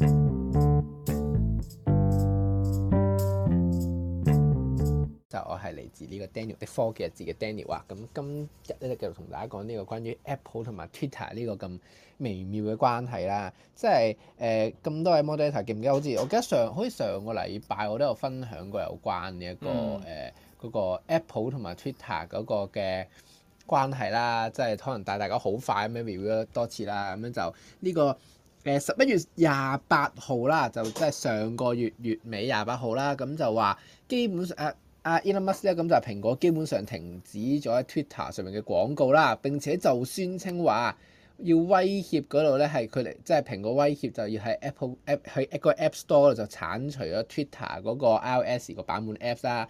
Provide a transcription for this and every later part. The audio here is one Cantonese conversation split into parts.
就我係嚟自呢個 Daniel 的科技日誌嘅 Daniel 啊，咁今日咧就繼續同大家講呢個關於 Apple 同埋 Twitter 呢個咁微妙嘅關係啦，即係誒咁多位 moderator 記唔記得好似我記得上好似上個禮拜我都有分享過有關嘅、這、一個誒、嗯呃那個 Apple 同埋 Twitter 嗰個嘅關係啦，即係可能帶大家好快咁樣 review 多次啦，咁樣就呢、這個。誒十一月廿八號啦，就即係上個月月尾廿八號啦，咁就話基本上誒阿、啊啊、Elon Musk 咧，咁就係蘋果基本上停止咗 Twitter 上面嘅廣告啦，並且就宣稱話要威脅嗰度咧係佢哋，即係蘋果威脅，就要喺 Apple App 喺一個 App Store 度就剷除咗 Twitter 嗰個 iOS 個版本 Apps 啦。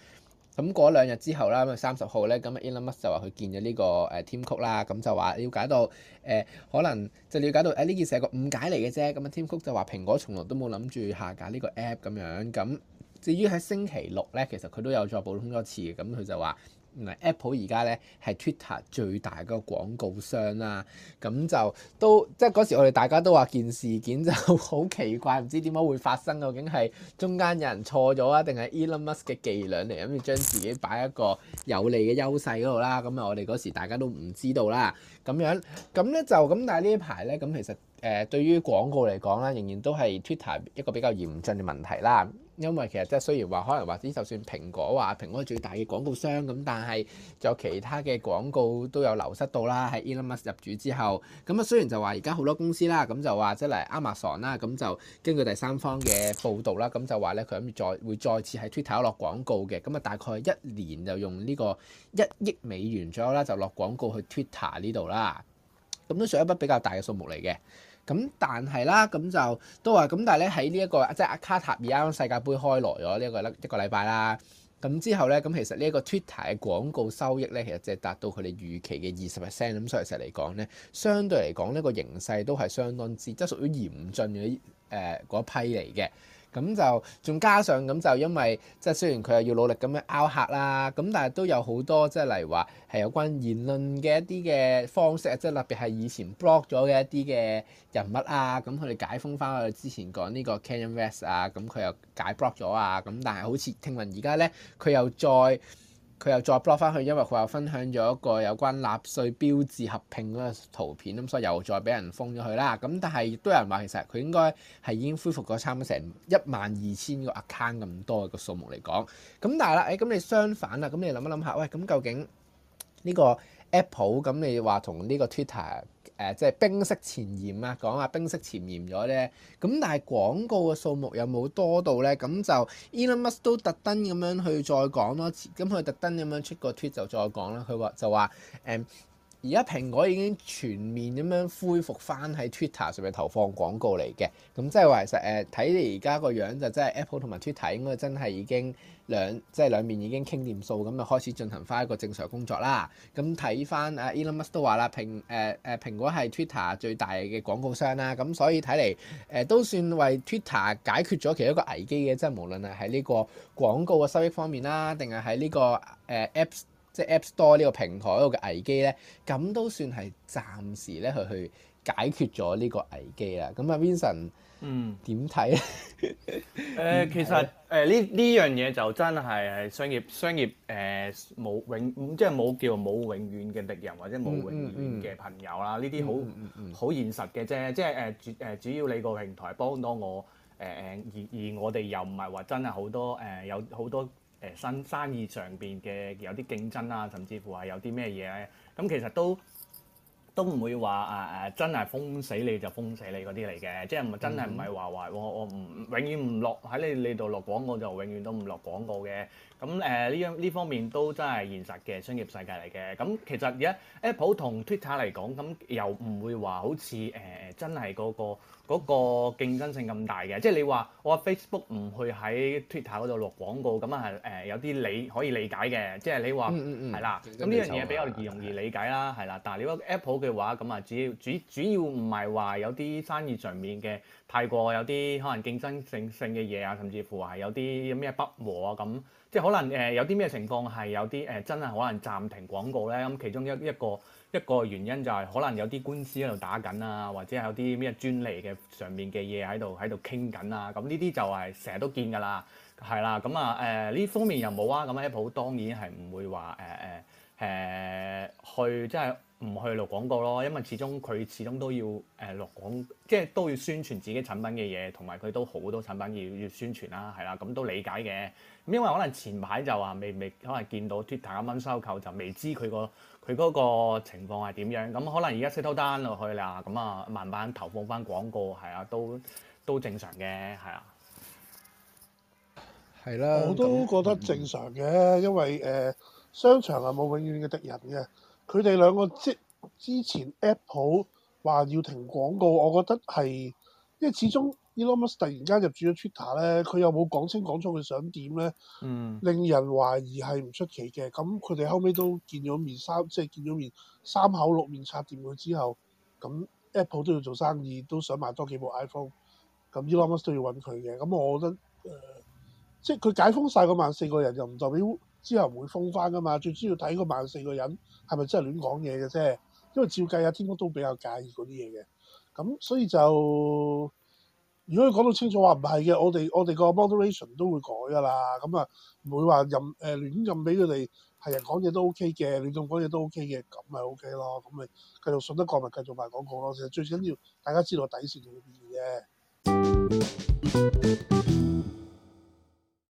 咁嗰兩日之後啦，咁啊三十號咧，咁啊 Innamus 就話佢見咗呢個誒 Team 曲啦，咁就話了解到誒、呃、可能就了解到誒呢件事係個誤解嚟嘅啫。咁啊 Team 曲就話蘋果從來都冇諗住下架呢個 App 咁樣。咁至於喺星期六咧，其實佢都有再補充多次咁佢就話。嗱，Apple 而家咧係 Twitter 最大個廣告商啦，咁就都即係嗰時我哋大家都話件事件就好奇怪，唔知點解會發生，究竟係中間有人錯咗啊，定係 Elon Musk 嘅伎倆嚟，諗住將自己擺喺一個有利嘅優勢嗰度啦。咁啊，我哋嗰時大家都唔知道啦，咁樣咁咧就咁。但係呢排咧，咁其實誒、呃、對於廣告嚟講啦，仍然都係 Twitter 一個比較嚴峻嘅問題啦。因為其實即係雖然話可能話啲就算蘋果話蘋果係最大嘅廣告商咁，但係就其他嘅廣告都有流失到啦。喺 Elon Musk 入主之後，咁啊雖然就話而家好多公司啦，咁就話即係嚟 Amazon 啦，咁就根據第三方嘅報道啦，咁就話咧佢諗住再會再次喺 Twitter 落廣告嘅，咁啊大概一年就用呢個一億美元左右啦，就落廣告去 Twitter 呢度啦，咁都算一筆比較大嘅數目嚟嘅。咁但係啦，咁就都話咁，但係咧喺呢一個即係阿卡塔爾啱世界盃開鑼咗呢一個一一個禮拜啦，咁之後咧咁其實呢一個 Twitter 嘅廣告收益咧，其實即係達到佢哋預期嘅二十 percent 咁，所以其實嚟講咧，相對嚟講呢個形勢都係相當之即係、就是、屬於嚴峻嘅誒嗰批嚟嘅。咁就仲加上咁就因為即係雖然佢又要努力咁樣拗客啦，咁但係都有好多即係例如話係有關言論嘅一啲嘅方式，即係特別係以前 block 咗嘅一啲嘅人物啊，咁佢哋解封翻我哋之前講呢個 Kanye West 啊，咁佢又解 block 咗啊，咁但係好似聽聞而家咧佢又再。佢又再 block 翻去，因為佢又分享咗一個有關納稅標誌合併嗰個圖片，咁所以又再俾人封咗佢啦。咁但係亦都有人話，其實佢應該係已經恢復咗差唔多成一萬二千個 account 咁多嘅個數目嚟講。咁但係啦，誒、哎，咁你相反啊，咁你諗一諗下，喂，咁究竟？呢個 Apple 咁，你話同呢個 Twitter 誒、呃，即係冰釋前嫌啊，講啊冰釋前嫌咗咧，咁但係廣告嘅數目有冇多到咧？咁就 Elon Musk 都特登咁樣去再講咯，咁佢特登咁樣出個 Twitter 就再講啦，佢話就話誒。嗯而家蘋果已經全面咁樣恢復翻喺 Twitter 上面投放廣告嚟嘅，咁即係話其實誒睇你而家個樣就真、是、係 Apple 同埋 Twitter 應該真係已經兩即係、就是、兩面已經傾掂數，咁就開始進行翻一個正常工作啦。咁睇翻啊 Elon Musk 都話啦，蘋誒誒、呃、蘋果係 Twitter 最大嘅廣告商啦，咁所以睇嚟誒都算為 Twitter 解決咗其實一個危機嘅，即係無論係喺呢個廣告嘅收益方面啦，定係喺呢個誒、呃、Apps。即係 App Store 呢個平台嗰個危機咧，咁都算係暫時咧去去解決咗呢個危機啦。咁啊 Vincent，嗯，點睇咧？誒、呃、其實誒呢呢樣嘢就真係商業商業誒冇、呃、永即係冇叫冇永遠嘅敵人或者冇永遠嘅朋友啦。呢啲好好現實嘅啫，即係誒誒主要你個平台幫到我誒誒、呃，而而我哋又唔係話真係好多誒有好多。呃誒新生意上邊嘅有啲競爭啊，甚至乎係有啲咩嘢，咁其實都都唔會話啊啊，真係封死你就封死你嗰啲嚟嘅，即係唔係真係唔係話話我我唔永遠唔落喺你你度落廣告就永遠都唔落廣告嘅，咁誒呢樣呢方面都真係現實嘅商業世界嚟嘅，咁、嗯、其實而家 Apple 同 Twitter 嚟講，咁又唔會話好似誒、呃、真係個、嗰個。嗰個競爭性咁大嘅，即係你話我 Facebook 唔去喺 Twitter 嗰度落廣告，咁啊誒有啲理可以理解嘅，即係你話係啦，咁呢樣嘢比較易容易理解啦，係啦，係啦。但係你話 Apple 嘅話，咁啊主要主主要唔係話有啲生意上面嘅太過有啲可能競爭性性嘅嘢啊，甚至乎係有啲咩不和啊咁，即係可能誒、呃、有啲咩情況係有啲誒、呃、真係可能暫停廣告咧，咁其中一一個。一個原因就係可能有啲官司喺度打緊啊，或者有啲咩專利嘅上面嘅嘢喺度喺度傾緊啊，咁呢啲就係成日都見㗎啦，係啦，咁啊誒呢方面又冇啊，咁 Apple 當然係唔會話誒誒誒。呃呃呃去即係唔去錄廣告咯，因為始終佢始終都要誒錄廣，即係都要宣傳自己產品嘅嘢，同埋佢都好多產品要要宣傳啦，係啦，咁都理解嘅。咁因為可能前排就話未未可能見到 Twitter 一蚊收購，就未知佢個佢個情況係點樣。咁可能而家 settle down 落去啦，咁啊慢慢投放翻廣告，係啊，都都正常嘅，係啊，係啦的，我都覺得正常嘅，嗯、因為誒、呃、商場係冇永遠嘅敵人嘅。佢哋兩個即之前 Apple 話要停廣告，我覺得係因為始終 Elon Musk 突然間入駐咗 Twitter 咧，佢又冇講清講楚佢想點咧，嗯，令人懷疑係唔出奇嘅。咁佢哋後尾都見咗面三，即係見咗面三口六面插掂佢之後，咁 Apple 都要做生意，都想賣多幾部 iPhone，咁 Elon Musk 都要揾佢嘅。咁我覺得誒、呃，即係佢解封晒嗰萬四個人，又唔代表。之後唔會封翻噶嘛，最主要睇個萬四個人係咪真係亂講嘢嘅啫。因為照計啊，天哥都比較介意嗰啲嘢嘅。咁所以就如果講到清楚話唔係嘅，我哋我哋個 moderation 都會改噶啦。咁啊唔會任、呃、話任誒亂咁俾佢哋係人講嘢都 OK 嘅，亂咁講嘢都 OK 嘅，咁咪 OK 咯。咁咪繼續信得過，咪繼續賣廣告咯。其實最緊要大家知道底線係會變嘅。